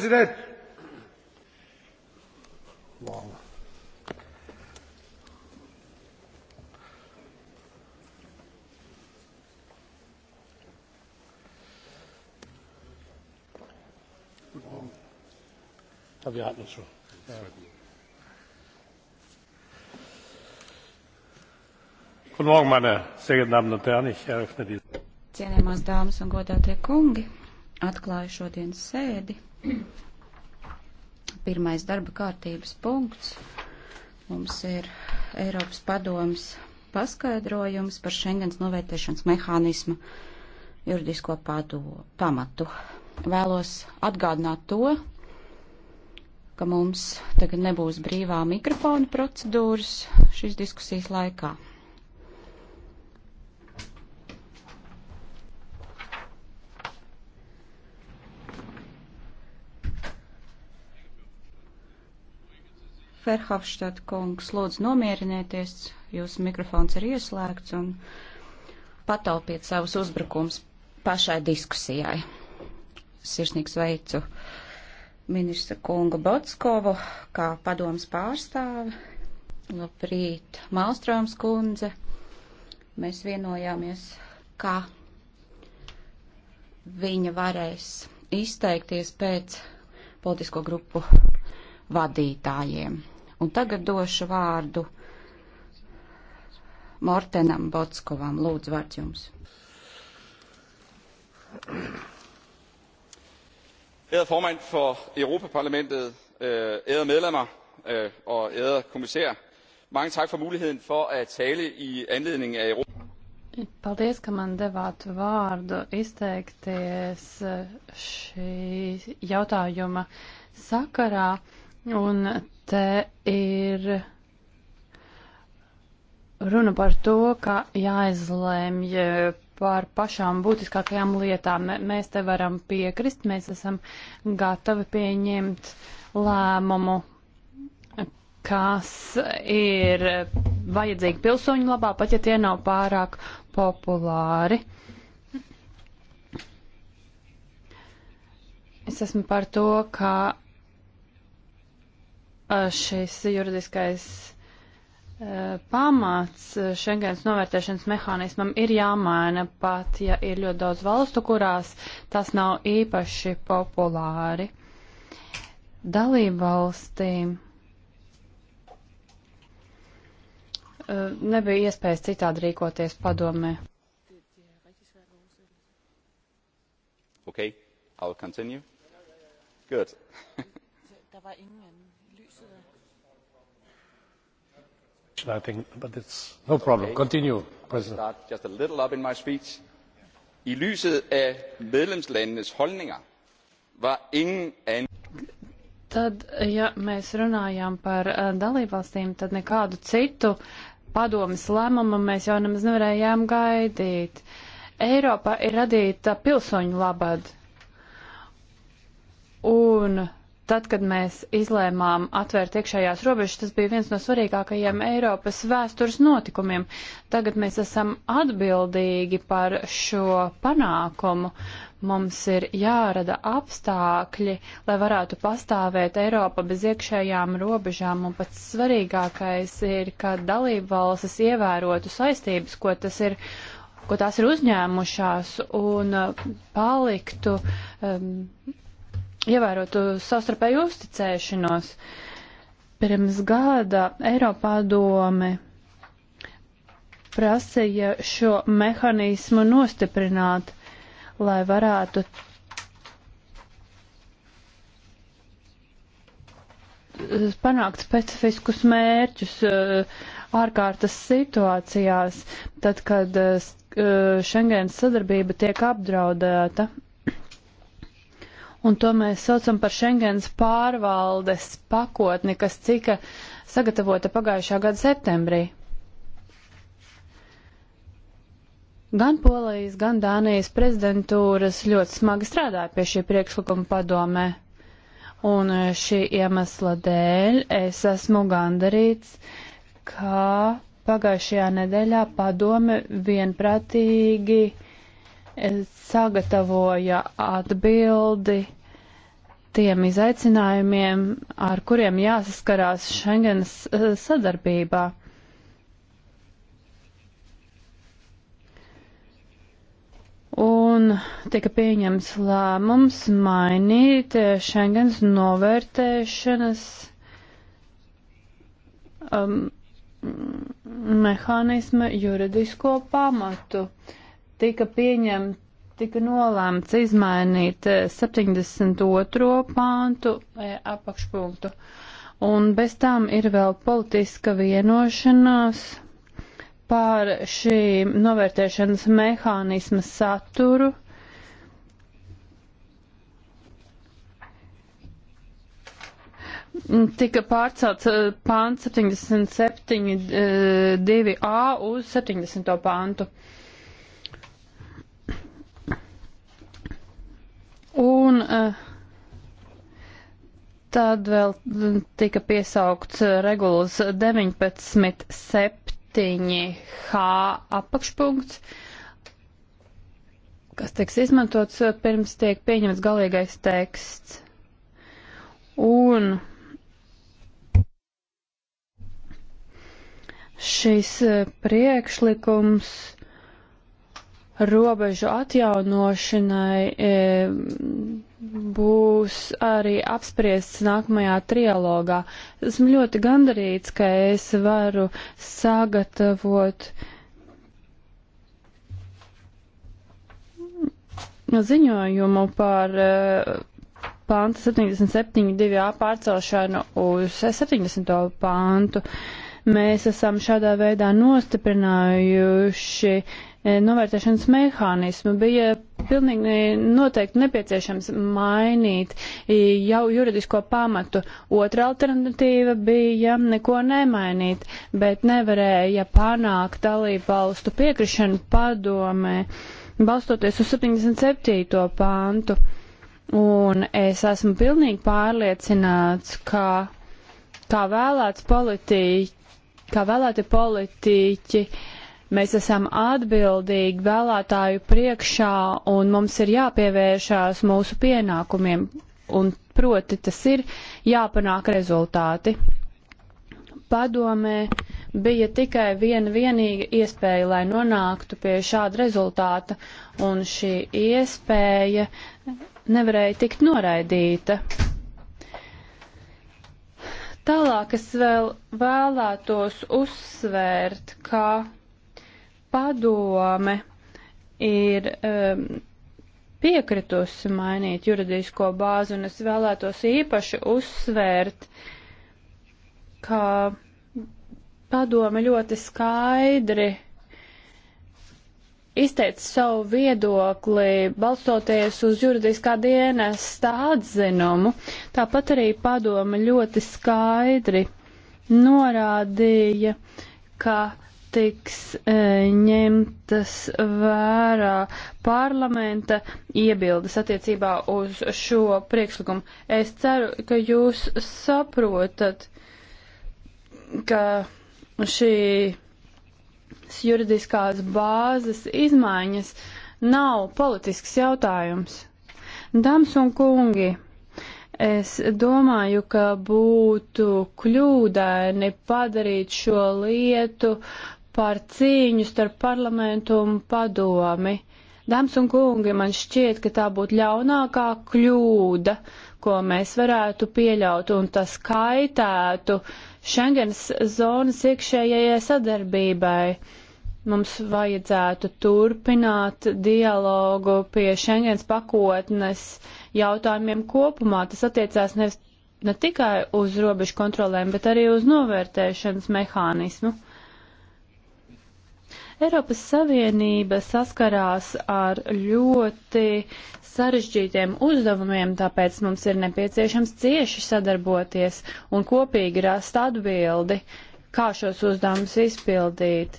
President. Long. Long. Ja, wir hatten es schon. Ja. Guten Morgen, meine sehr geehrten Damen und Herren. Ich eröffne die. Cienējamās dāmas un godātie kungi, atklāju šodienas sēdi. Pirmais darba kārtības punkts mums ir Eiropas padomas paskaidrojums par Schengens novērtēšanas mehānismu juridisko padu, pamatu. Vēlos atgādināt to, ka mums tagad nebūs brīvā mikrofona procedūras šīs diskusijas laikā. Ferhofštad kungs, lūdzu nomierinieties, jūsu mikrofons ir ieslēgts un pataupiet savus uzbrukums pašai diskusijai. Sirsnīgs veicu ministra kunga Botskovu kā padomas pārstāvi. Labrīt, Malstrāms kundze. Mēs vienojāmies, kā viņa varēs izteikties pēc politisko grupu vadītājiem. Un tagad došu vārdu Mortenam Botskovam. Lūdzu, vārds jums. Ærede formand for Europaparlamentet, øh, ærede medlemmer øh, og ærede kommissær, mange tak for muligheden for at tale i anledning af Europa. Paldies, ka man devāt vārdu izteikties øh, šī jautājuma sakarā. Uh, Un te ir runa par to, ka jāizlēmj par pašām būtiskākajām lietām. Mēs te varam piekrist, mēs esam gatavi pieņemt lēmumu, kas ir vajadzīgi pilsoņu labā, pat ja tie nav pārāk populāri. Es esmu par to, ka šis juridiskais e, pamats Schengens novērtēšanas mehānismam ir jāmaina pat, ja ir ļoti daudz valstu, kurās tas nav īpaši populāri. Dalību valstīm e, nebija iespējas citādi rīkoties padomē. Okay, I'll continue. Good. da war Ingen. I think, but it's no problem. Continue, President. Start just a little up in my speech. I lyset af medlemslandenes holdninger var ingen anden. Tad, ja mēs runājām par uh, dalībvalstīm, tad nekādu citu padomas lēmumu mēs jau nemaz nevarējām gaidīt. Eiropa ir radīta pilsoņu labad. Un Tad, kad mēs izlēmām atvērt iekšējās robežas, tas bija viens no svarīgākajiem Eiropas vēstures notikumiem. Tagad mēs esam atbildīgi par šo panākumu. Mums ir jārada apstākļi, lai varētu pastāvēt Eiropa bez iekšējām robežām, un pats svarīgākais ir, ka dalību valstis ievērotu saistības, ko tas ir ko tās ir uzņēmušās un paliktu um, ievērotu savstarpēju uzticēšanos. Pirms gada Eiropādome prasīja šo mehānismu nostiprināt, lai varētu panākt specifiskus mērķus eh, ārkārtas situācijās, tad, kad eh, eh, Schengens sadarbība tiek apdraudēta un to mēs saucam par Schengens pārvaldes pakotni, kas tika sagatavota pagājušā gada septembrī. Gan Polijas, gan Dānijas prezidentūras ļoti smagi strādāja pie šī priekšlikuma padomē. Un e, šī iemesla dēļ es esmu gandarīts, ka pagājušajā nedēļā padome vienprātīgi uh, sagatavoja atbildi tiem izaicinājumiem, ar kuriem jāsaskarās Schengenas eh, sadarbībā. Un tika pieņems lēmums mainīt eh, Schengens novērtēšanas um, mehānisma juridisko pamatu. Uh, tika pieņemta, tika nolēmts izmainīt 72. Eh, pāntu eh, apakšpunktu. Un bez tām ir vēl politiska vienošanās pār šī novērtēšanas mehānisma saturu. tika pārcelts eh, pāns 77.2a uz 70. pāntu. Un uh, tad vēl tika piesaukts regulas 19.7h apakšpunkts, kas tiks izmantots eh, pirms tiek pieņemts galīgais teksts. Un šis eh, priekšlikums robežu atjaunošanai e, būs arī apspriests nākamajā trialogā. Esmu ļoti gandarīts, ka es varu sagatavot ziņojumu par e, pānta 77.2a pārcelšanu uz 70. pāntu. Mēs esam šādā veidā nostiprinājuši uh, E, novērtēšanas mehānismu. Bija pilnīgi noteikti nepieciešams mainīt e, jau juridisko pamatu. Otra alternatīva bija neko nemainīt, bet nevarēja panākt dalību valstu piekrišanu padomē, balstoties uz 77. pāntu. Un es esmu pilnīgi pārliecināts, ka kā vēlēts politiķi, kā vēlēti politiķi, uh, Mēs esam atbildīgi vēlētāju priekšā un mums ir jāpievēršās mūsu pienākumiem. Un proti tas ir jāpanāk rezultāti. Padomē bija tikai viena vienīga iespēja, lai nonāktu pie šāda rezultāta, un šī iespēja nevarēja tikt noraidīta. Tālāk es vēl vēlētos uzsvērt, ka padome ir um, piekritusi mainīt juridisko bāzi, un es vēlētos īpaši uzsvērt, ka padome ļoti skaidri izteica savu viedokli, balstoties uz juridiskā dienesta atzinumu. Tāpat arī padome ļoti skaidri norādīja, ka uh, tiks e, ņemtas vērā parlamenta iebildes attiecībā uz šo priekšlikumu. Es ceru, ka jūs saprotat, ka šīs juridiskās bāzes izmaiņas nav politisks jautājums. Dāmas un kungi! Es domāju, ka būtu kļūdaini padarīt šo lietu par cīņu starp parlamentu un padomi. Dāmas un kungi, man šķiet, ka tā būtu ļaunākā kļūda, ko mēs varētu pieļaut, un tas kaitētu Schengens zonas iekšējai sadarbībai. Mums vajadzētu turpināt dialogu pie Schengens pakotnes jautājumiem kopumā. Tas attiecās ne, ne tikai uz robežu kontrolēm, bet arī uz novērtēšanas mehānismu. Eiropas Savienība saskarās ar ļoti sarežģītiem uzdevumiem, tāpēc mums ir nepieciešams cieši sadarboties un kopīgi rast atbildi, kā šos uzdevumus izpildīt.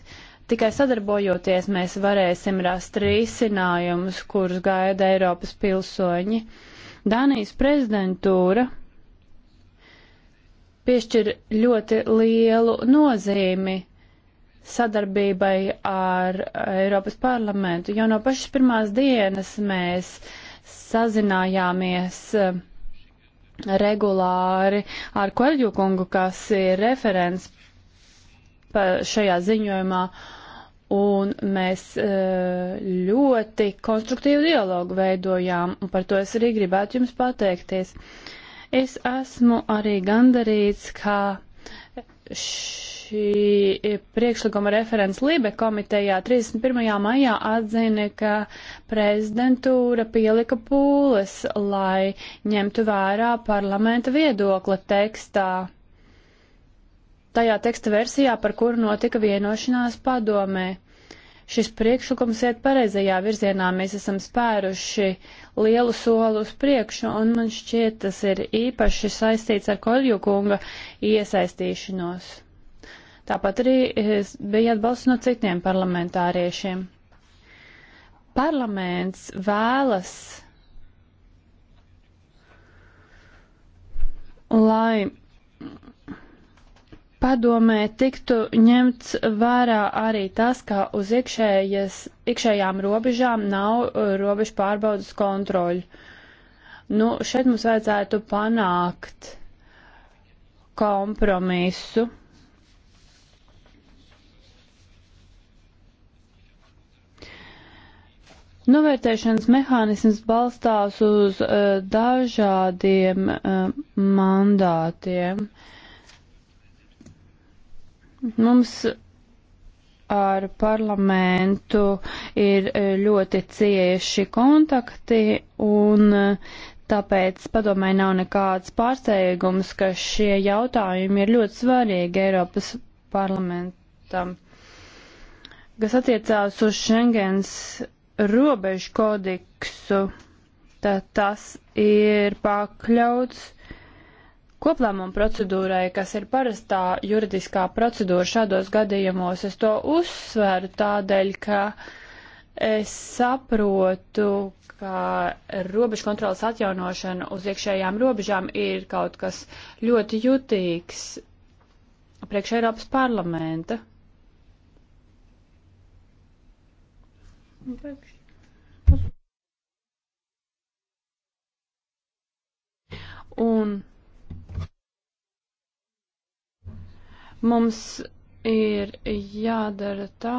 Tikai sadarbojoties mēs varēsim rast risinājumus, kurus gaida Eiropas pilsoņi. Dānijas prezidentūra piešķir ļoti lielu nozīmi sadarbībai ar eh, Eiropas parlamentu. Jau no pašas pirmās dienas mēs sazinājāmies eh, regulāri ar Koļģu kungu, kas ir referents šajā ziņojumā, un mēs eh, ļoti konstruktīvu dialogu veidojām, un par to es arī gribētu jums pateikties. Es esmu arī gandarīts, ka š šī e, priekšlikuma referents Lībe komitejā 31. maijā atzina, ka prezidentūra pielika pūles, lai ņemtu vērā parlamenta viedokli tekstā. Tajā teksta versijā, par kuru notika vienošanās padomē. Šis priekšlikums iet pareizajā virzienā, mēs esam spēruši lielu soli uz priekšu, un man šķiet, tas ir īpaši saistīts ar Koļu kunga iesaistīšanos. Tāpat arī eh, bija atbalsts no citiem parlamentāriešiem. Parlaments vēlas, lai padomē tiktu ņemts vērā arī tas, ka uz iekšējas, iekšējām robežām nav eh, robežu pārbaudas kontroļu. Nu, šeit mums vajadzētu panākt kompromisu. Novērtēšanas mehānisms balstās uz uh, dažādiem uh, mandātiem. Mums ar parlamentu ir eh, ļoti cieši kontakti un uh, tāpēc padomē nav nekāds pārsteigums, ka šie jautājumi ir ļoti svarīgi Eiropas parlamentam. Kas attiecās uz Schengens robežu kodeksu, tad tas ir pakļauts koplēmuma procedūrai, kas ir parastā juridiskā procedūra šādos gadījumos. Es to uzsveru tādēļ, ka es saprotu, ka robežu kontrolas atjaunošana uz iekšējām robežām ir kaut kas ļoti jutīgs priekš Eiropas parlamenta. Un nu, pēkšņi. Un mums ir jādara tā,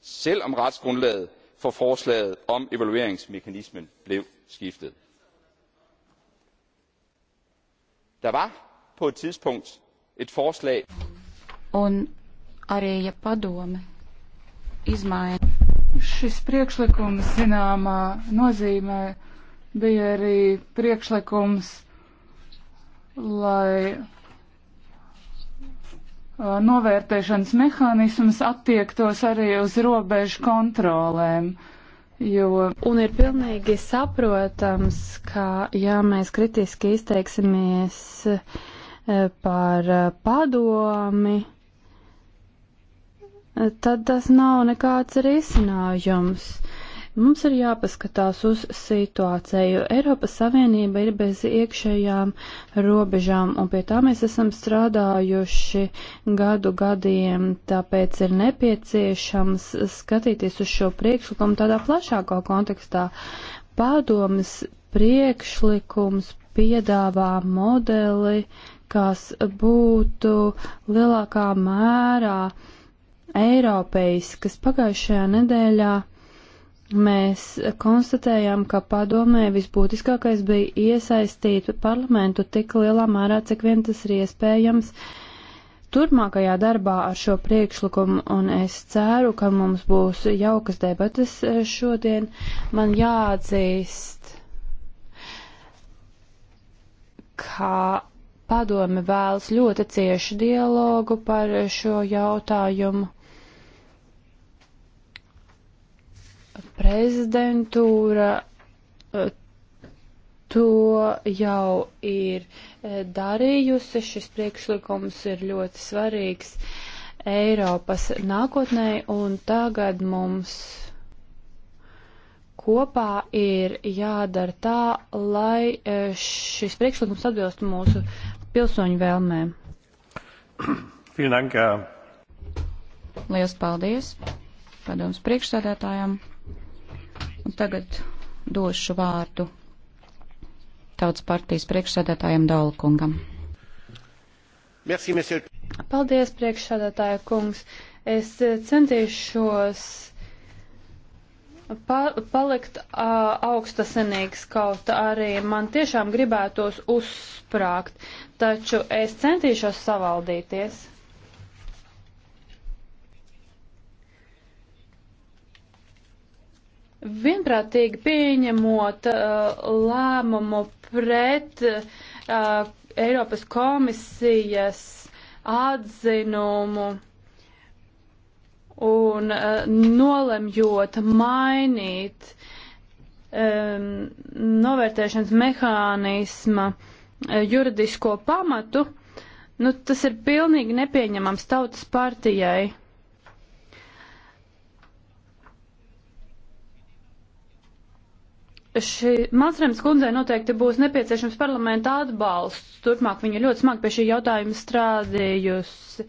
selv om retsgrundlaget for forslaget om evalueringsmekanismen blev skiftet. der var på et tidspunkt et forslag Un arī, ja padome izmaina. Šis priekšlikums, zināmā nozīmē, bija arī priekšlikums, lai novērtēšanas mehānisms attiektos arī uz robežu kontrolēm. Jo... Un ir pilnīgi saprotams, ka ja mēs kritiski izteiksimies par padomi, tad tas nav nekāds risinājums. Mums ir jāpaskatās uz situāciju. Eiropas Savienība ir bez iekšējām robežām, un pie tā mēs esam strādājuši gadu gadiem, tāpēc ir nepieciešams skatīties uz šo priekšlikumu tādā plašākā kontekstā. Pādomas priekšlikums piedāvā modeli, kas būtu lielākā mērā uh, Eiropejas, kas pagājušajā nedēļā mēs konstatējām, ka padomē visbūtiskākais bija iesaistīt parlamentu tik lielā mērā, cik vien tas ir iespējams turpmākajā darbā ar šo priekšlikumu, un es ceru, ka mums būs jaukas debatas šodien. Man jāatzīst, ka padome vēlas ļoti ciešu dialogu par šo jautājumu. prezidentūra e, to jau ir e, darījusi. Šis priekšlikums ir ļoti svarīgs Eiropas nākotnē, un tagad mums kopā ir jādara tā, lai e, šis priekšlikums atbilst mūsu pilsoņu vēlmēm. Lielas paldies padomus priekšsēdētājiem. Un tagad došu vārdu Tautas partijas priekšsēdētājiem Dalkungam. Merci, monsieur. Paldies, priekšsēdētāja kungs. Es eh, centīšos pa palikt uh, augstasinīgs, kaut arī man tiešām gribētos uzsprāgt, taču es centīšos savaldīties. vienprātīgi pieņemot uh, lēmumu pret uh, Eiropas komisijas atzinumu un uh, nolemjot mainīt um, novērtēšanas mehānisma uh, juridisko pamatu, nu, tas ir pilnīgi nepieņemams tautas partijai. Šī Malstrēms kundzei noteikti būs nepieciešams parlamenta atbalsts. Turpmāk viņa ļoti smagi pie šī jautājuma strādījusi.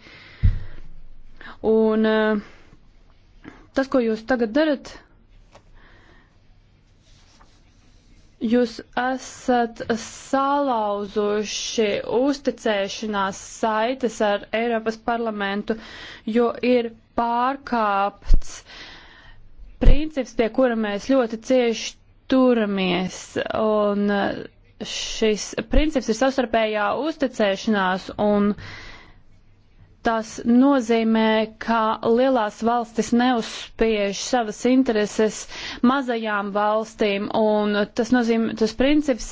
Un eh, tas, ko jūs tagad darat, jūs esat salauzuši uzticēšanās saites ar Eiropas parlamentu, jo ir pārkāpts princips, pie kura mēs ļoti cieši turamies. Un šis princips ir savstarpējā uzticēšanās un tas nozīmē, ka lielās valstis neuzspiež savas intereses mazajām valstīm un tas nozīmē, tas princips,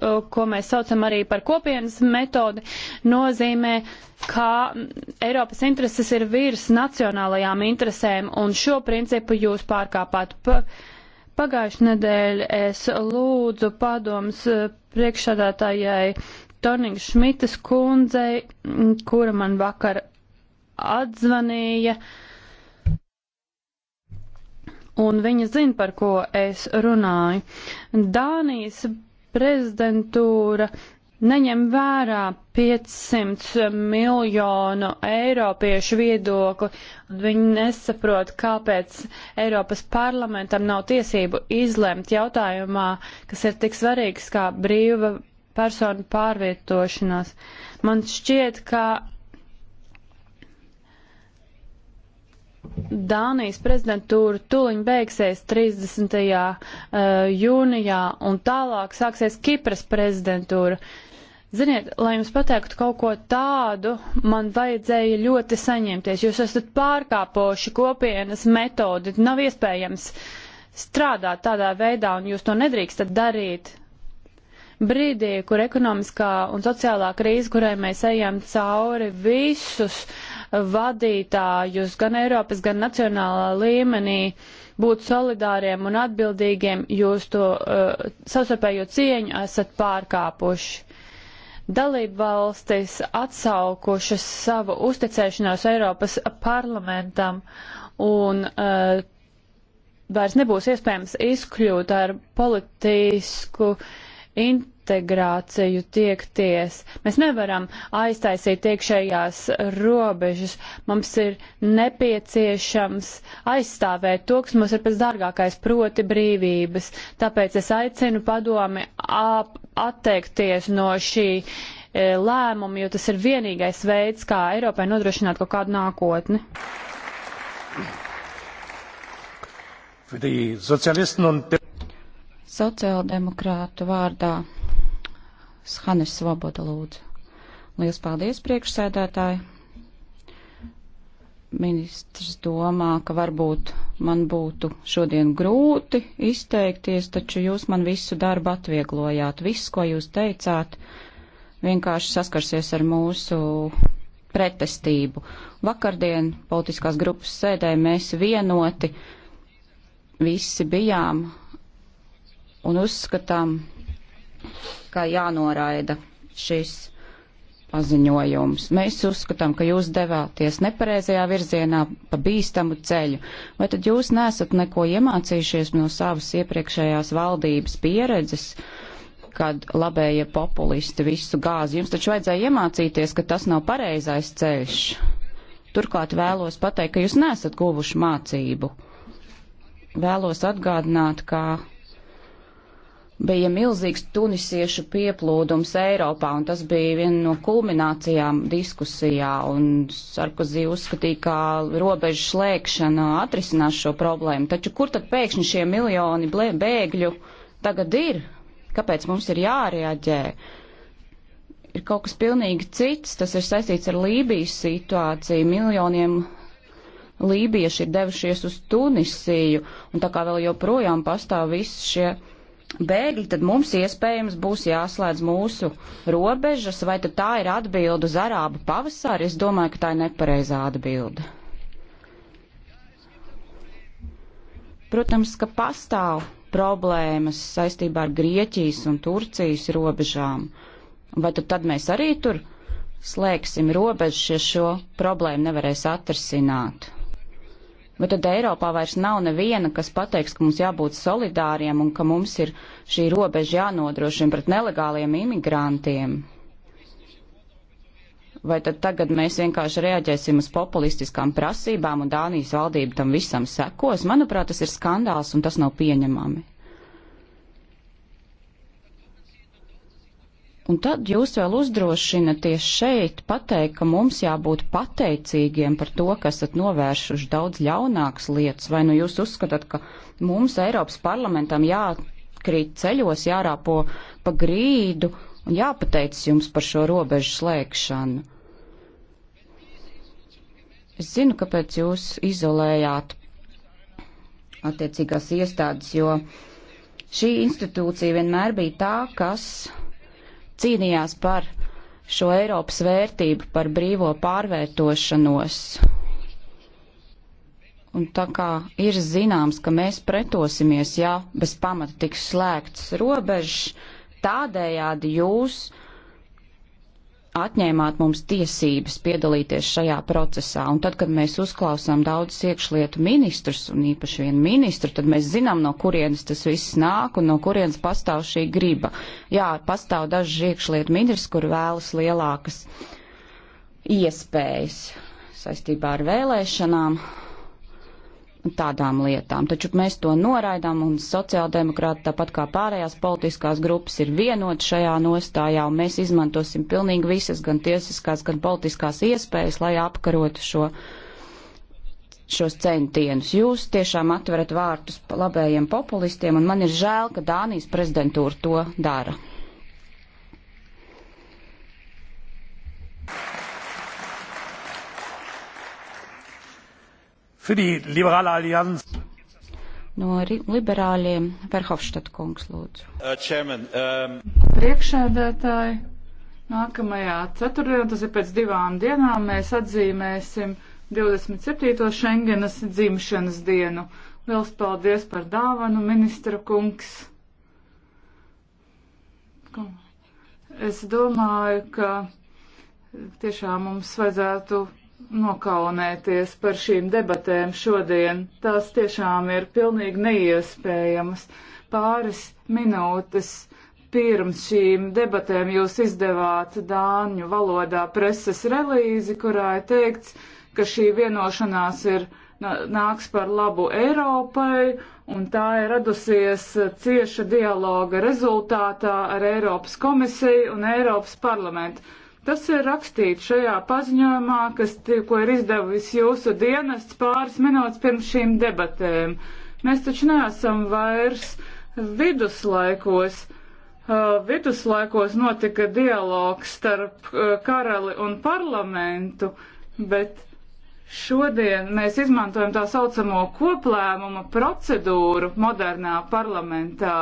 ko mēs saucam arī par kopienas metodi, nozīmē, ka Eiropas intereses ir virs nacionālajām interesēm, un šo principu jūs pārkāpāt. Pa, uh, Pagājušajā nedēļā es lūdzu padoms eh, priekšsādātājai Tornings Šmitas kundzei, kura man vakar atzvanīja. Un viņa zina, par ko es runāju. Dānijas prezidentūra neņem vērā 500 miljonu eiropiešu viedokli, un viņi nesaprot, kāpēc Eiropas parlamentam nav tiesību izlemt jautājumā, kas ir tik svarīgs kā brīva persona pārvietošanās. Man šķiet, ka Dānijas prezidentūra tuliņ beigsies 30. Eh, jūnijā, un tālāk sāksies Kipras prezidentūra. Uh, Ziniet, lai jums pateiktu kaut ko tādu, man vajadzēja ļoti saņemties. Jūs esat pārkāpoši kopienas metodi. Nav iespējams strādāt tādā veidā, un jūs to nedrīkstat darīt. Brīdī, kur ekonomiskā un sociālā krīze, kurai mēs ejam cauri visus vadītājus, gan Eiropas, gan nacionālā līmenī, būt solidāriem un atbildīgiem, jūs to uh, savstarpējo cieņu esat pārkāpuši dalību valstis atsaukušas savu uzticēšanos Eiropas parlamentam un uh, vairs nebūs iespējams izkļūt ar politisku interesu integrāciju tiekties. Mēs nevaram aiztaisīt iekšējās robežas. Mums ir nepieciešams aizstāvēt to, kas mums ir pēc dārgākais, proti brīvības. Tāpēc es aicinu padomi atteikties no šī e, lēmuma, jo tas ir vienīgais veids, kā Eiropai nodrošināt kaut kādu nākotni. Für die Sozialisten und Sociāldemokrātu vārdā Hanis Svoboda lūdzu. Lielas paldies, priekšsēdētāji. Ministrs domā, ka varbūt man būtu šodien grūti izteikties, taču jūs man visu darbu atvieglojāt. Viss, ko jūs teicāt, vienkārši saskarsies ar mūsu pretestību. Vakardien politiskās grupas sēdē mēs vienoti visi bijām un uzskatām, kā jānoraida šis paziņojums. Mēs uzskatām, ka jūs devāties nepareizajā virzienā pa bīstamu ceļu. Vai tad jūs nesat neko iemācījušies no savas iepriekšējās valdības pieredzes, kad labējie populisti visu gāzi? Jums taču vajadzēja iemācīties, ka tas nav pareizais ceļš. Turklāt vēlos pateikt, ka jūs nesat guvuši mācību. Vēlos atgādināt, ka bija milzīgs tunisiešu pieplūdums Eiropā, un tas bija viena no kulminācijām diskusijā, un Sarkozī uzskatīja, ka robežu slēgšana atrisinās šo problēmu. Taču kur tad pēkšņi šie miljoni bēgļu tagad ir? Kāpēc mums ir jārēģē? Ir kaut kas pilnīgi cits, tas ir saistīts ar Lībijas situāciju, miljoniem lībieši ir devušies uz Tunisiju, un tā kā vēl joprojām pastāv visi šie bēgļi, tad mums iespējams būs jāslēdz mūsu robežas, vai tad tā ir atbilde uz arābu pavasari? Es domāju, ka tā ir nepareizā atbilde. Protams, ka pastāv problēmas saistībā ar Grieķijas un Turcijas robežām. Vai tad, tad mēs arī tur slēgsim robežas, ja šo problēmu nevarēs atrisināt? Bet nu, tad Eiropā vairs nav neviena, kas pateiks, ka mums jābūt solidāriem un ka mums ir šī robeža jānodrošina pret nelegāliem imigrantiem. Vai tad tagad mēs vienkārši reaģēsim uz populistiskām prasībām un Dānijas valdība tam visam sekos? Manuprāt, tas ir skandāls un tas nav pieņemami. Un tad jūs vēl uzdrošināties šeit pateikt, ka mums jābūt pateicīgiem par to, ka esat novēršuši daudz ļaunākas lietas, vai nu jūs uzskatāt, ka mums Eiropas parlamentam jākrīt ceļos, jārāpo pa grīdu un jāpateicas jums par šo robežu slēgšanu. Es zinu, kāpēc jūs izolējāt attiecīgās iestādes, jo šī institūcija vienmēr bija tā, kas cīnījās par šo Eiropas vērtību, par brīvo pārvērtošanos. Un tā kā ir zināms, ka mēs pretosimies, ja bez pamata tiks slēgts robežas, tādējādi jūs uh, atņēmāt mums tiesības piedalīties šajā procesā. Un tad, kad mēs uzklausām daudzus iekšlietu ministrus un īpaši vienu ministru, tad mēs zinām, no kurienes tas viss nāk un no kurienes pastāv šī griba. Jā, pastāv daži iekšlietu ministri, kur vēlas lielākas iespējas saistībā ar vēlēšanām, tādām lietām. Taču mēs to noraidām un sociāldemokrāti, tāpat kā pārējās politiskās grupas, ir vienot šajā nostājā un mēs izmantosim pilnīgi visas gan tiesiskās, gan politiskās iespējas, lai apkarotu šo, šos centienus. Jūs tiešām atverat vārtus labējiem populistiem un man ir žēl, ka Dānijas prezidentūra to dara. Für die liberāla allianz. No liberāļiem Verhofstadt kungs lūdzu. Uh, chairman, um... Priekšēdētāji, nākamajā ceturtdienā, tas ir pēc divām dienām, mēs atzīmēsim 27. Schengenas dzimšanas dienu. Liels paldies par dāvanu, ministra kungs. Es domāju, ka tiešām mums vajadzētu nokaunēties par šīm debatēm šodien. Tās tiešām ir pilnīgi neiespējamas. Pāris minūtes pirms šīm debatēm jūs izdevāt Dāņu valodā preses relīzi, kurā ir teikts, ka šī vienošanās ir nāks par labu Eiropai, un tā ir radusies cieša dialoga rezultātā ar Eiropas komisiju un Eiropas parlamentu. Tas ir rakstīts šajā paziņojumā, kas, ko ir izdevis jūsu dienests pāris minūtes pirms šīm debatēm. Mēs taču neesam vairs viduslaikos. Uh, viduslaikos notika dialogs starp uh, karali un parlamentu, bet šodien mēs izmantojam tā saucamo koplēmuma procedūru modernā parlamentā.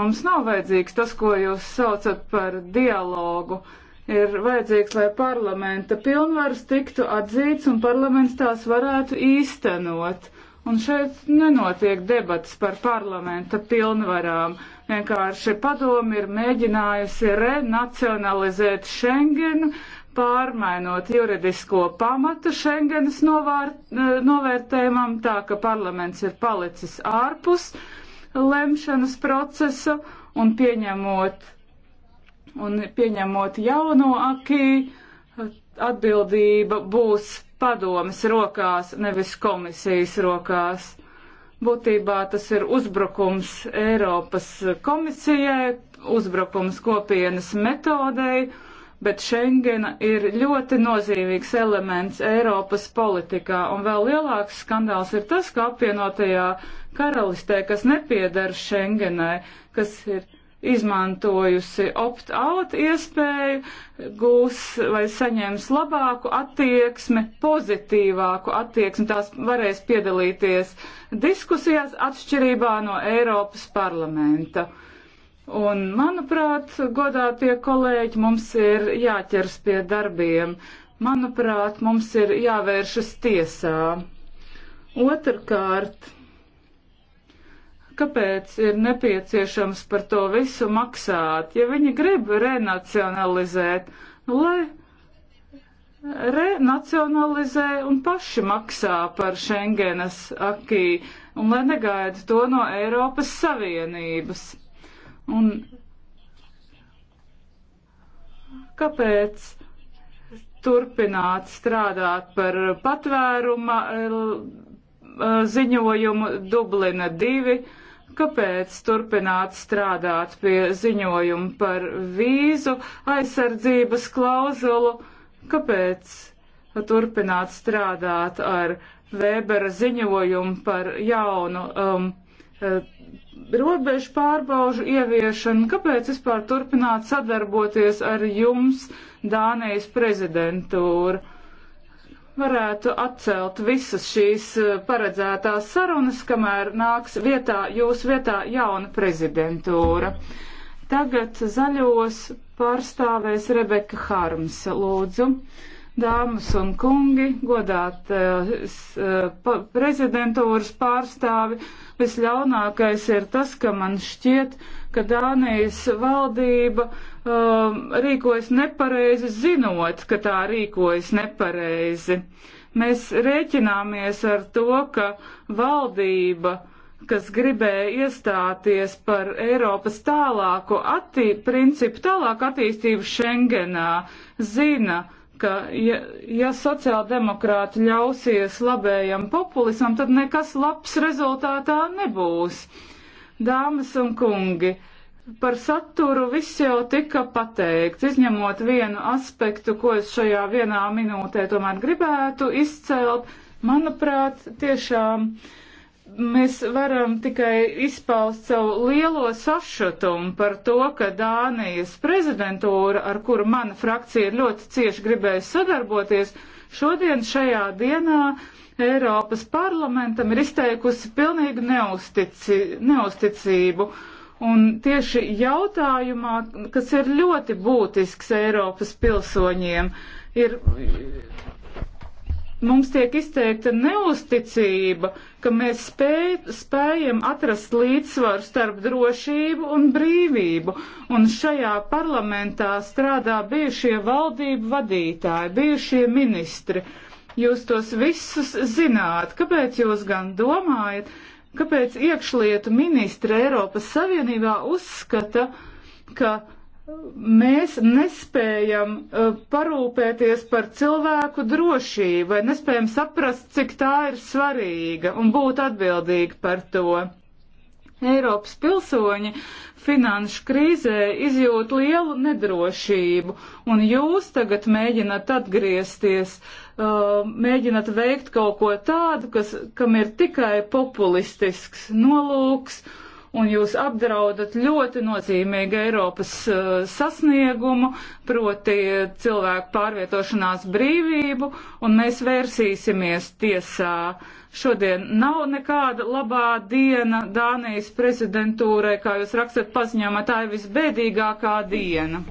Mums nav vajadzīgs tas, ko jūs saucat par dialogu. Uh, ir vajadzīgs, lai parlamenta pilnvaras tiktu atzīts un parlaments tās varētu īstenot. Un šeit nenotiek debats par parlamenta pilnvarām. Vienkārši padomi ir mēģinājusi renacionalizēt Schengenu, pārmainot juridisko pamatu Schengenas novār, e, novērtējumam tā, ka parlaments ir palicis ārpus lemšanas procesa un pieņemot un pieņemot jauno akī, atbildība būs padomas rokās, nevis komisijas rokās. Būtībā tas ir uzbrukums Eiropas komisijai, uzbrukums kopienas metodei, bet Schengena ir ļoti nozīmīgs elements Eiropas politikā. Un vēl lielāks skandāls ir tas, ka apvienotajā karalistē, kas nepiedara Schengenai, kas ir izmantojusi opt-out iespēju, gūs vai saņems labāku attieksmi, pozitīvāku attieksmi, tās varēs piedalīties diskusijās atšķirībā no Eiropas parlamenta. Un, manuprāt, godātie kolēģi, mums ir jāķers pie darbiem. Manuprāt, mums ir jāvēršas tiesā. Otrkārt, kāpēc ir nepieciešams par to visu maksāt. Ja viņi grib renacionalizēt, nu, lai renacionalizē un paši maksā par Schengenas akī un lai negaida to no Eiropas Savienības. Un kāpēc turpināt strādāt par patvēruma eh, eh, ziņojumu Dublina 2? Kāpēc turpināt strādāt pie ziņojuma par vīzu aizsardzības klauzulu? Kāpēc turpināt strādāt ar Vēbera ziņojumu par jaunu um, eh, robežu pārbaužu ieviešanu, kāpēc vispār turpināt sadarboties ar jums Dānijas prezidentūru? varētu atcelt visas šīs e, paredzētās sarunas, kamēr nāks vietā, jūs vietā jauna prezidentūra. Tagad zaļos pārstāvēs Rebeka Harms, lūdzu. Dāmas un kungi, godāt e, e, prezidentūras pārstāvi, visļaunākais ir tas, ka man šķiet, ka Dānijas valdība um, rīkojas nepareizi, zinot, ka tā rīkojas nepareizi. Mēs rēķināmies ar to, ka valdība, kas gribēja iestāties par Eiropas tālāku attī principu, tālāku attīstību Schengenā, zina, ka, ja, ja sociāldemokrāti ļausies labējam populismam, tad nekas labs rezultātā nebūs. Dāmas un kungi, par saturu viss jau tika pateikts, izņemot vienu aspektu, ko es šajā vienā minūtē tomēr gribētu izcelt. Manuprāt, tiešām mēs varam tikai izpaust savu lielo sašutumu par to, ka Dānijas prezidentūra, ar kuru mana frakcija ir ļoti cieši gribējusi sadarboties, Šodien šajā dienā Eiropas parlamentam ir izteikusi pilnīgu neustici, neusticību. Un tieši jautājumā, kas ir ļoti būtisks Eiropas pilsoņiem, ir mums tiek izteikta neusticība, ka mēs spēj, spējam atrast līdzsvaru starp drošību un brīvību. Un šajā parlamentā strādā bijušie valdību vadītāji, bijušie ministri. Jūs tos visus zināt. Kāpēc jūs gan domājat, kāpēc iekšlietu ministri Eiropas Savienībā uzskata, ka mēs nespējam eh, parūpēties par cilvēku drošību vai nespējam saprast, cik tā ir svarīga un būt atbildīgi par to. Eiropas pilsoņi finanšu krīzē izjūt lielu nedrošību, un jūs tagad mēģināt atgriezties, eh, mēģināt veikt kaut ko tādu, kas, kam ir tikai populistisks nolūks, uh, un jūs apdraudat ļoti nozīmīgu Eiropas uh, sasniegumu, proti cilvēku pārvietošanās brīvību, un mēs vērsīsimies tiesā. Šodien nav nekāda labā diena Dānijas prezidentūrai, kā jūs rakstat paziņojumā, tā ir visbēdīgākā diena.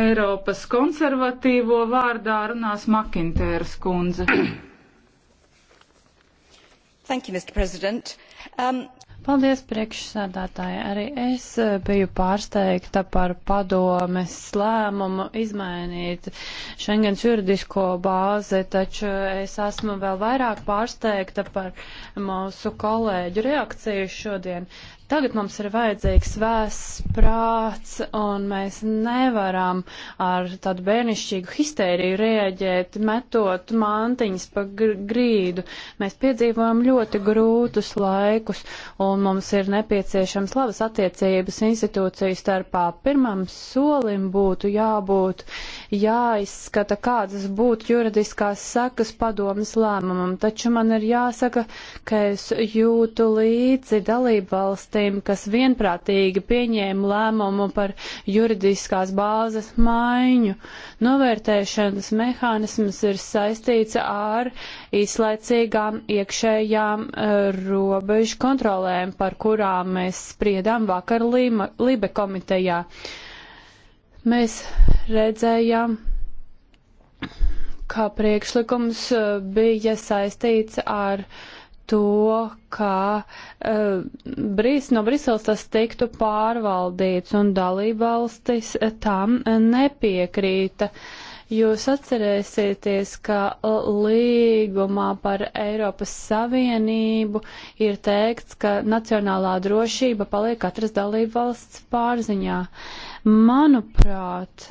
Eiropas konservatīvo vārdā runās Makintēras kundze. You, um, Paldies, priekšsādātāji. Arī es eh, biju pārsteigta par padomes lēmumu izmainīt Schengens juridisko bāzi, taču es esmu vēl vairāk pārsteigta par mūsu kolēģu reakciju šodien. Tagad mums ir vajadzīgs vēsts prāts, un mēs nevaram ar tādu bērnišķīgu histēriju rēģēt, metot mantiņas pa grīdu. Mēs piedzīvojam ļoti grūtus laikus, un mums ir nepieciešams labas attiecības institūciju starpā. Pirmam solim būtu jābūt jāizskata, kādas būtu juridiskās sekas padomas lēmumam, taču man ir jāsaka, ka es jūtu līdzi dalību valsti valstīm, kas vienprātīgi pieņēma lēmumu par juridiskās bāzes maiņu. Novērtēšanas mehānisms ir saistīts ar īslaicīgām iekšējām eh, robežu kontrolēm, par kurām mēs spriedām vakar Līma, Libe komitejā. Mēs redzējām kā priekšlikums eh, bija saistīts ar uh, to, ka uh, brīs, no Briseles tas tiktu pārvaldīts un dalībvalstis tam nepiekrīta. Jūs atcerēsieties, ka līgumā par Eiropas Savienību ir teikts, ka nacionālā drošība paliek katras dalībvalsts pārziņā. Manuprāt,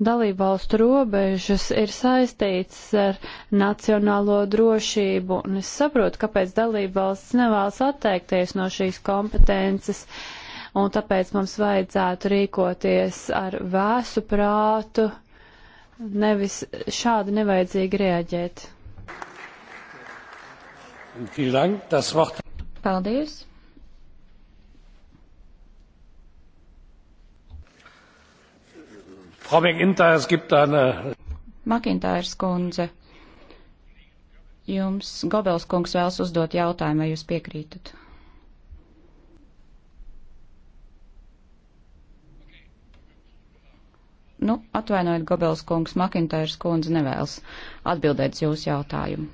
dalībvalstu robežas ir saistīts ar nacionālo drošību, un es saprotu, kāpēc dalībvalsts nevēlas atteikties no šīs kompetences, un tāpēc mums vajadzētu rīkoties ar vēsu prātu, nevis šādi nevajadzīgi reaģēt. Paldies! Frau McIntyre, es gibt eine. McIntyre skundze, jums Gobels kungs vēlas uzdot jautājumu, vai jūs piekrītat? Nu, atvainojiet, Gobels kungs, McIntyre skundze nevēlas atbildēt jūsu jautājumu.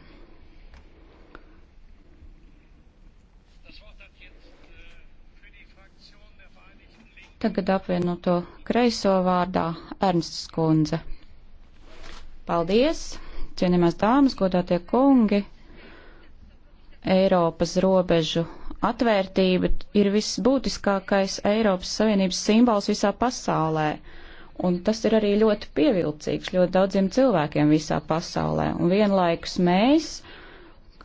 Tagad apvienoto kreiso vārdā Ernsts Kundze. Paldies, cienījumās dāmas, godātie kungi. Eiropas robežu atvērtība ir visbūtiskākais Eiropas Savienības simbols visā pasaulē. Un tas ir arī ļoti pievilcīgs ļoti daudziem cilvēkiem visā pasaulē. Un vienlaikus mēs,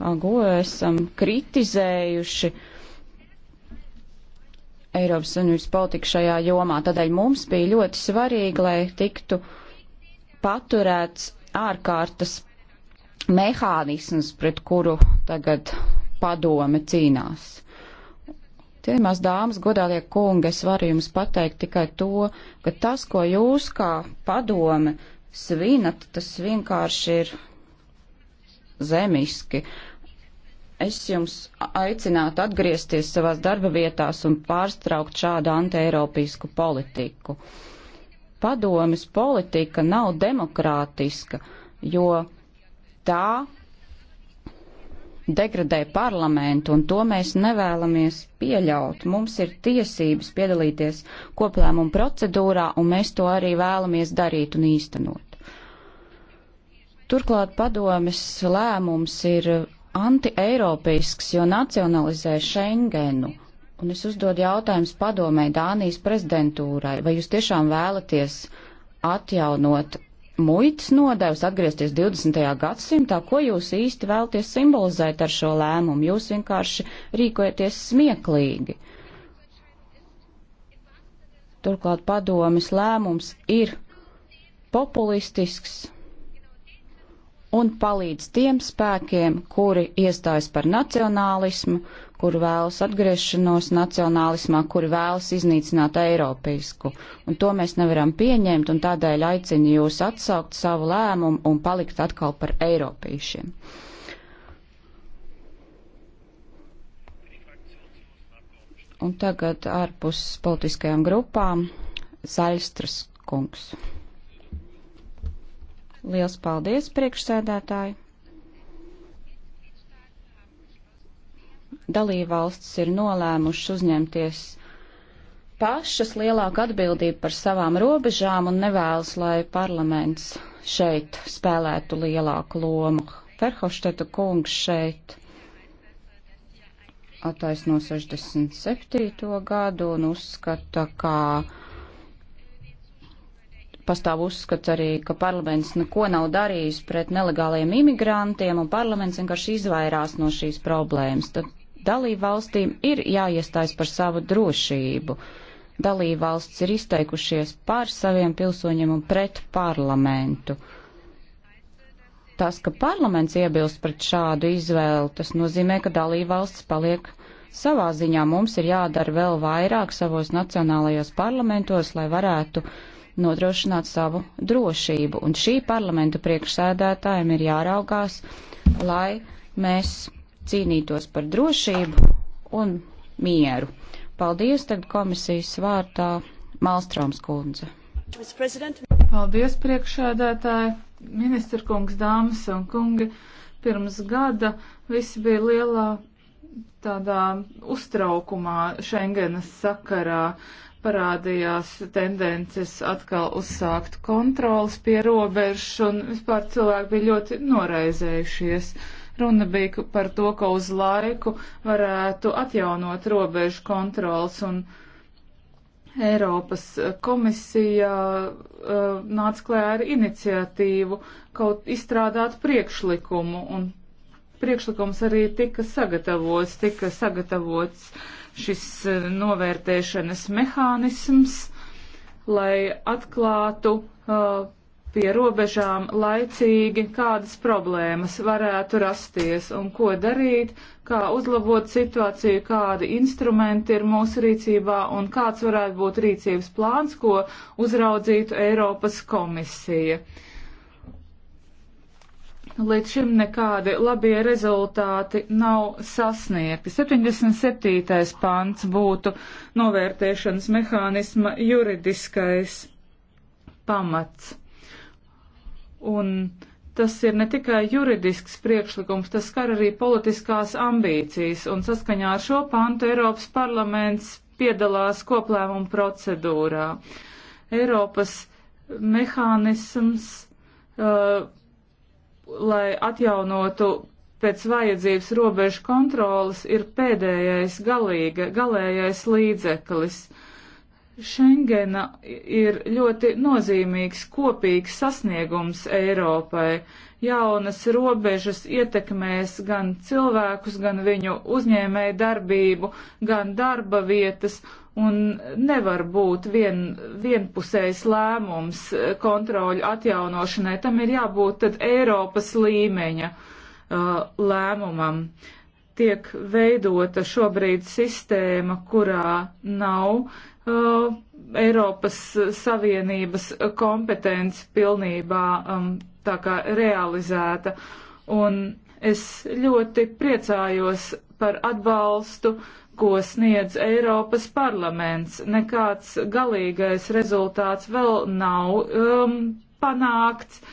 kā goja, esam kritizējuši uh, Eiropas Savienības politiku šajā jomā. Tādēļ mums bija ļoti svarīgi, lai tiktu paturēts ārkārtas mehānisms, pret kuru tagad padome cīnās. Cienījumās dāmas, godālie kungi, es varu jums pateikt tikai to, ka tas, ko jūs kā padome svinat, tas vienkārši ir zemiski. Uh, es jums aicinātu atgriezties savās darba vietās un pārstraukt šādu antieiropisku politiku. Padomis politika nav demokrātiska, jo tā degradē parlamentu, un to mēs nevēlamies pieļaut. Mums ir tiesības piedalīties koplēmumu procedūrā, un mēs to arī vēlamies darīt un īstenot. Turklāt padomis lēmums ir antieiropisks, jo nacionalizē Schengenu. Un es uzdodu jautājumus padomē Dānijas prezidentūrai, vai jūs tiešām vēlaties atjaunot muitas nodevs, atgriezties 20. gadsimtā, ko jūs īsti vēlaties simbolizēt ar šo lēmumu? Jūs vienkārši rīkojaties smieklīgi. Turklāt padomis lēmums ir populistisks, un palīdz tiem spēkiem, kuri iestājas par nacionālismu, kur vēlas atgriešanos nacionālismā, kur vēlas iznīcināt Eiropisku. Un to mēs nevaram pieņemt, un tādēļ aicinu jūs atsaukt savu lēmumu un palikt atkal par Eiropīšiem. Un tagad ārpus politiskajām grupām Zaļstras kungs. Liels paldies, priekšsēdētāji! Dalībvalstis ir nolēmušas uzņemties pašas lielāku atbildību par savām robežām un nevēlas, lai parlaments šeit spēlētu lielāku lomu. Ferhošteta kungs šeit attaisno 67. gadu un uzskata, ka pastāv uzskats arī, ka parlaments neko nav darījis pret nelegāliem imigrantiem, un parlaments vienkārši izvairās no šīs problēmas. Tad dalību valstīm ir jāiestājas par savu drošību. Dalību valsts ir izteikušies par saviem pilsoņiem un pret parlamentu. Tas, ka parlaments iebilst pret šādu izvēlu, tas nozīmē, ka dalību valsts paliek savā ziņā mums ir jādara vēl vairāk savos nacionālajos parlamentos, lai varētu nodrošināt savu drošību. Un šī parlamentu priekšsēdētājiem ir jāraugās, lai mēs cīnītos par drošību un mieru. Paldies tagad komisijas vārtā Malstroms kundze. Paldies priekšsēdētāji, ministra kungs, dāmas un kungi. Pirms gada visi bija lielā tādā uztraukumā Schengenas sakarā parādījās tendences atkal uzsākt kontrolas pie robežas, un vispār cilvēki bija ļoti noraizējušies. Runa bija par to, ka uz laiku varētu atjaunot robežu kontrols, un Eiropas komisija uh, nāca klē ar iniciatīvu kaut izstrādāt priekšlikumu, un priekšlikums arī tika sagatavots, tika sagatavots uh, šis e, novērtēšanas mehānisms, lai atklātu uh, pie robežām laicīgi, kādas problēmas varētu rasties un ko darīt, kā uzlabot situāciju, kādi instrumenti ir mūsu rīcībā un kāds varētu būt rīcības plāns, ko uzraudzītu Eiropas komisija. Uh, Līdz šim nekādi labie rezultāti nav sasniegti. 77. pants būtu novērtēšanas mehānisma juridiskais pamats. Un tas ir ne tikai juridisks priekšlikums, tas skar arī politiskās ambīcijas, un saskaņā ar šo pantu Eiropas parlaments piedalās koplēmuma procedūrā. Eiropas mehānisms uh, lai atjaunotu pēc vajadzības robežu kontrolas, ir pēdējais galīga, galējais līdzeklis. Uh, Šengena ir ļoti nozīmīgs kopīgs sasniegums Eiropai. Jaunas robežas ietekmēs gan cilvēkus, gan viņu uzņēmēju darbību, gan darba vietas, un nevar būt vien, vienpusējs lēmums kontroļu atjaunošanai. Tam ir jābūt tad Eiropas līmeņa uh, lēmumam. Tiek veidota šobrīd sistēma, kurā nav uh, Eiropas Savienības kompetence pilnībā um, tā kā realizēta. Un es ļoti priecājos par atbalstu, ko sniedz Eiropas parlaments. Nekāds galīgais rezultāts vēl nav um, panākts.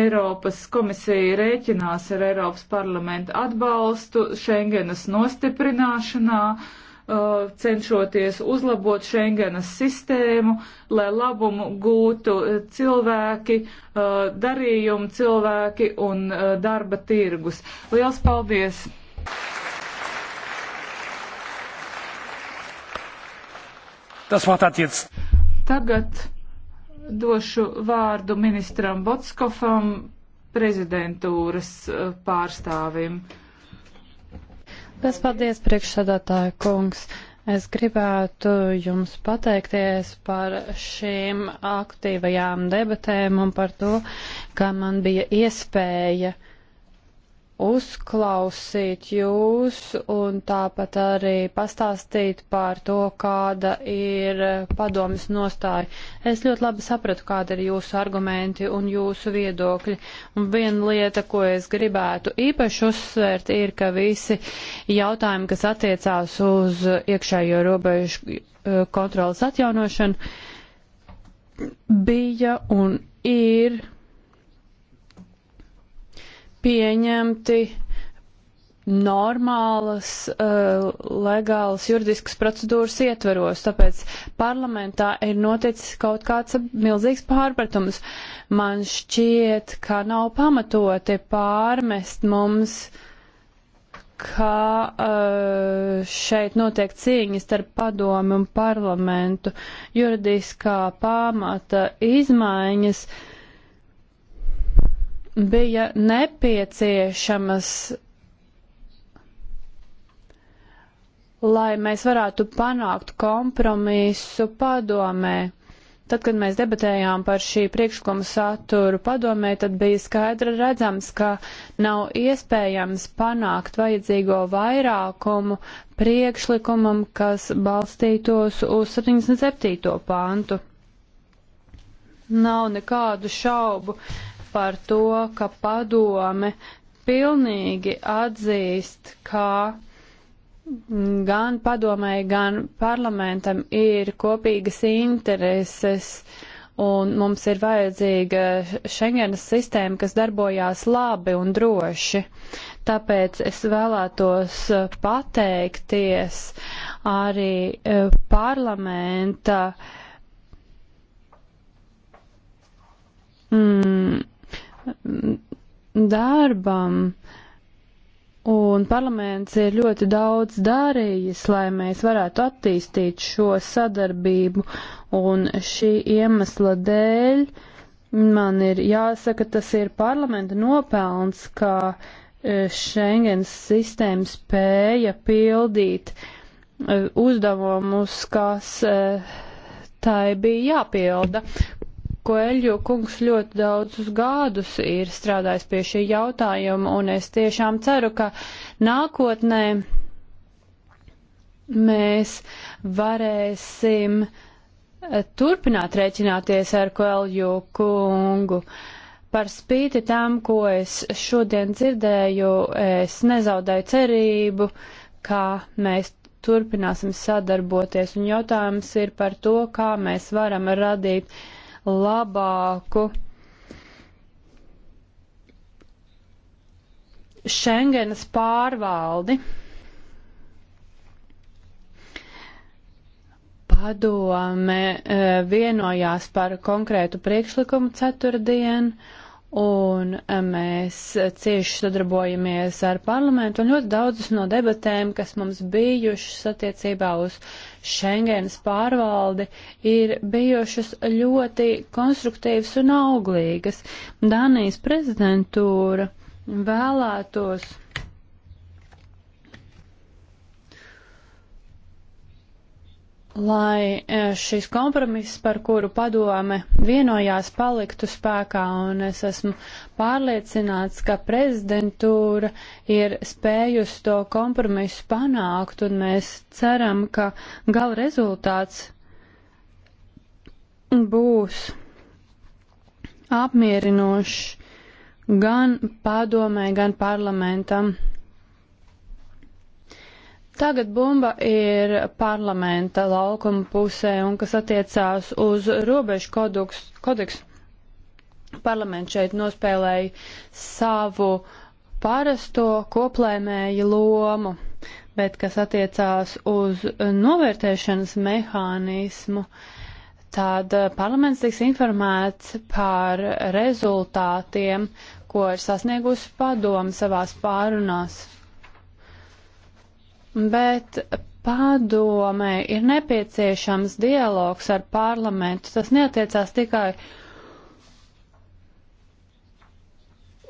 Eiropas komisija rēķinās ar Eiropas parlamentu atbalstu Schengenas nostiprināšanā. Uh, Uh, cenšoties uzlabot Schengenas sistēmu, lai labumu gūtu uh, cilvēki, uh, darījumu cilvēki un darba tirgus. Liels paldies! Tas var attiec. Tagad došu vārdu ministram Botskofam, prezidentūras pārstāvim. Pēc paldies, priekšsēdētāja kungs. Es gribētu jums pateikties par šīm aktīvajām debatēm un par to, ka man bija iespēja uh, uzklausīt jūs un tāpat arī pastāstīt par to, kāda ir padomas nostāja. Es ļoti labi sapratu, kāda ir jūsu argumenti un jūsu viedokļi. Un viena lieta, ko es gribētu īpaši uzsvērt, ir, ka visi jautājumi, kas attiecās uz iekšējo robežu eh, kontrolas atjaunošanu, bija un ir pieņemti normālas, uh, legālas juridiskas procedūras ietveros, tāpēc parlamentā ir noticis kaut kāds milzīgs pārpratums. Man šķiet, ka nav pamatoti pārmest mums, ka uh, šeit notiek cīņas starp padomi un parlamentu juridiskā pamata izmaiņas. Uh, bija nepieciešamas, lai mēs varētu panākt kompromisu padomē. Tad, kad mēs debatējām par šī priekšlikuma saturu padomē, tad bija skaidri redzams, ka nav iespējams panākt vajadzīgo vairākumu priekšlikumam, kas balstītos uz 77. pāntu. Nav nekādu šaubu, par to, ka padome pilnīgi atzīst, ka gan padomēji, gan parlamentam ir kopīgas intereses un mums ir vajadzīga Schengenas sistēma, kas darbojās labi un droši. Tāpēc es vēlētos pateikties arī e, parlamenta mm, darbam. Un parlaments ir ļoti daudz darījis, lai mēs varētu attīstīt šo sadarbību, un šī iemesla dēļ man ir jāsaka, tas ir parlamenta nopelns, ka e, Schengens sistēma spēja pildīt e, uzdevumus, kas e, tai bija jāpilda. Koeļu kungs ļoti daudzus gadus ir strādājis pie šī jautājuma, un es tiešām ceru, ka nākotnē mēs varēsim eh, turpināt rēķināties ar Koeļu kungu. Par spīti tam, ko es šodien dzirdēju, es nezaudēju cerību, ka mēs turpināsim sadarboties, un jautājums ir par to, kā mēs varam radīt labāku Šengenas pārvaldi. Padome eh, vienojās par konkrētu priekšlikumu ceturtdienu un eh, mēs cieši sadarbojamies ar parlamentu un ļoti daudzas no debatēm, kas mums bijušas attiecībā uz Schengenas pārvaldi, ir bijušas ļoti konstruktīvas un auglīgas. Danijas prezidentūra vēlētos lai e, šis kompromiss, par kuru padome vienojās, paliktu spēkā, un es esmu pārliecināts, ka prezidentūra ir spējusi to kompromisu panākt, un mēs ceram, ka gala rezultāts būs apmierinošs gan padomē, gan parlamentam. Tagad bumba ir parlamenta laukuma pusē, un kas attiecās uz robežu kodeks, kodeks parlaments šeit nospēlēja savu parasto koplēmēju lomu, bet kas attiecās uz novērtēšanas mehānismu, tad parlaments tiks informēts par rezultātiem, ko ir sasniegusi padomu savās pārunās Bet padomē ir nepieciešams dialogs ar parlamentu. Tas neatiecās tikai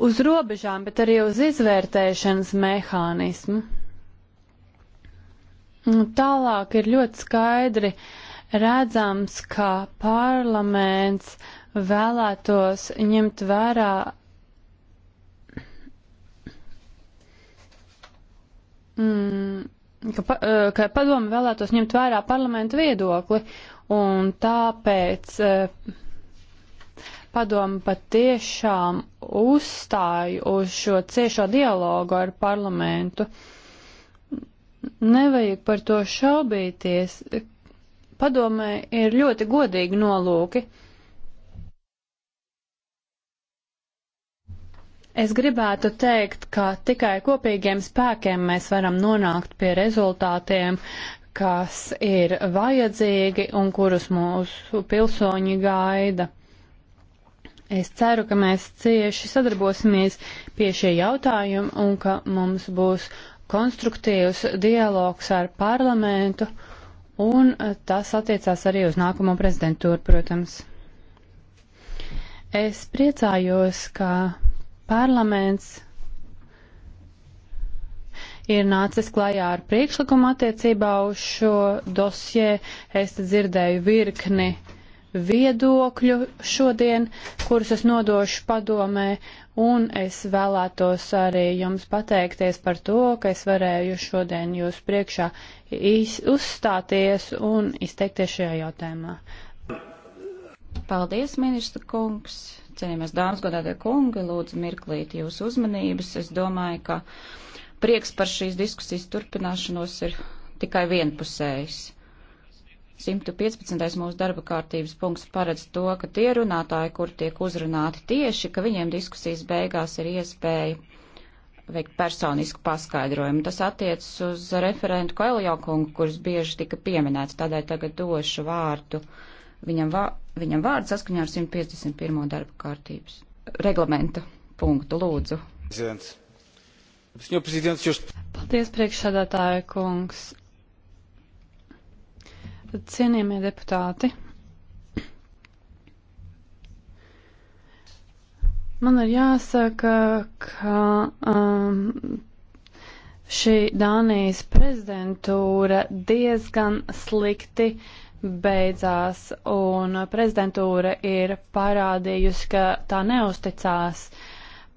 uz robežām, bet arī uz izvērtēšanas mehānismu. Nu, tālāk ir ļoti skaidri redzams, ka parlaments vēlētos ņemt vērā mm, ka, pa, eh, ka padomi vēlētos ņemt vērā parlamentu viedokli, un tāpēc eh, padomi patiešām uzstāja uz šo ciešo dialogu ar parlamentu. Nevajag par to šaubīties. Padomē ir ļoti godīgi nolūki. Es gribētu teikt, ka tikai kopīgiem spēkiem mēs varam nonākt pie rezultātiem, kas ir vajadzīgi un kurus mūsu pilsoņi gaida. Es ceru, ka mēs cieši sadarbosimies pie šī jautājuma un ka mums būs konstruktīvs dialogs ar parlamentu, un tas attiecās arī uz nākamo prezidentūru, protams. Es priecājos, ka Parlaments ir nācis klajā ar priekšlikumu attiecībā uz šo dosie. Es dzirdēju virkni viedokļu šodien, kurus es nodošu padomē, un es vēlētos arī jums pateikties par to, ka es varēju šodien jūs priekšā uzstāties un izteikties šajā jautājumā. Paldies, ministra kungs! Cienījamies dāmas, godātie kungi, lūdzu mirklīt jūsu uzmanības. Es domāju, ka prieks par šīs diskusijas turpināšanos ir tikai vienpusējs. 115. mūsu darba kārtības punkts paredz to, ka tie runātāji, kur tiek uzrunāti tieši, ka viņiem diskusijas beigās ir iespēja veikt personisku paskaidrojumu. Tas attiecas uz referentu Koeljokungu, kurš bieži tika pieminēts, tādēļ tagad došu vārdu uh, viņam, vā, viņam vārdu saskaņā ar 151. darba kārtības reglamenta punktu. Lūdzu. Prezidents. Prezidents jūs... Paldies, priekšsēdētāja kungs. Cienījamie deputāti, man ir jāsaka, ka um, šī Dānijas prezidentūra diezgan slikti uh, beidzās, un prezidentūra ir parādījusi, ka tā neusticās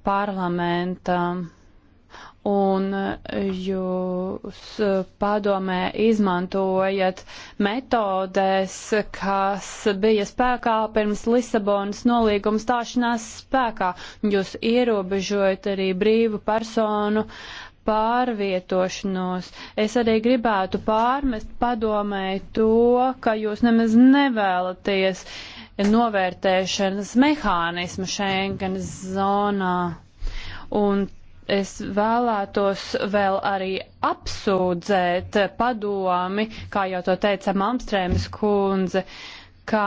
parlamentam, un jūs padomē izmantojat metodēs, kas bija spēkā pirms Lisabonas nolīguma stāšanās spēkā. Jūs ierobežojat arī brīvu personu uh, pārvietošanos. Es arī gribētu pārmest padomēji to, ka jūs nemaz nevēlaties novērtēšanas mehānismu Schengenas zonā. Un es vēlētos vēl arī apsūdzēt padomi, kā jau to teica Malmstrēmas kundze, ka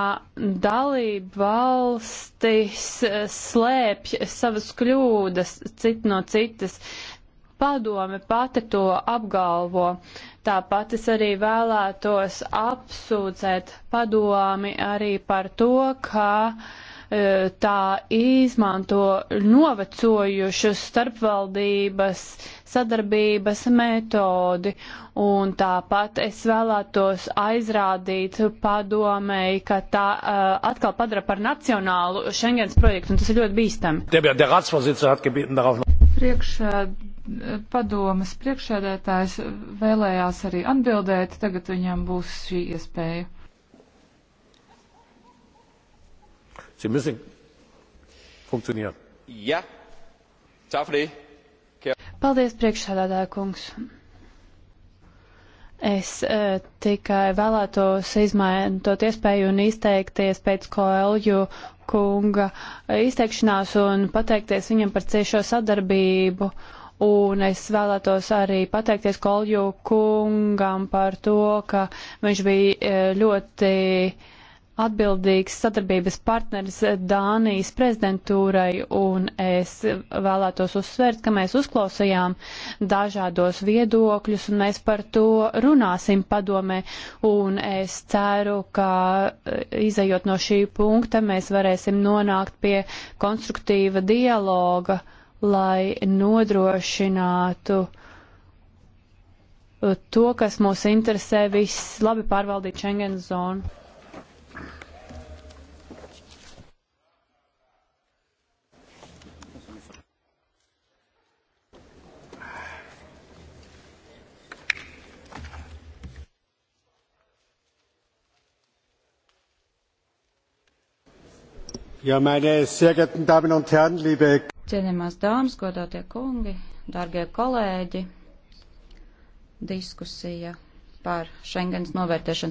dalība valstis slēpj savas kļūdas cit no citas. Padome pati to apgalvo. Tāpat es arī vēlētos apsūdzēt padomi arī par to, ka e, tā izmanto novecojušus starpvaldības sadarbības metodi. Un tāpat es vēlētos aizrādīt padomēji, ka tā uh, atkal padara par nacionālu Schengens projektu, un tas ir ļoti bīstami. Priekšā padomas priekšēdētājs vēlējās arī atbildēt, tagad viņam būs šī iespēja. Sie müssen funktionieren. Ja, Tafri. Paldies, priekšsādātāja kungs. Es e, tikai vēlētos izmantot iespēju un izteikties pēc Koelju kunga izteikšanās un pateikties viņam par ciešo sadarbību. E, Un es vēlētos arī pateikties Kolju kungam par to, ka viņš bija e, ļoti atbildīgs sadarbības partneris Dānijas prezidentūrai, un es vēlētos uzsvērt, ka mēs uzklausījām dažādos viedokļus, un mēs par to runāsim padomē, un es ceru, ka e, izējot no šī punkta, mēs varēsim nonākt pie konstruktīva dialoga lai nodrošinātu uh, to, kas mūs interesē, viss labi pārvaldīt Schengen zonu. Ja, meine sehr geehrten Damen und Herren, liebe Cienījamās dāmas, godātie kungi, dārgie kolēģi, diskusija par Schengens novērtēšanas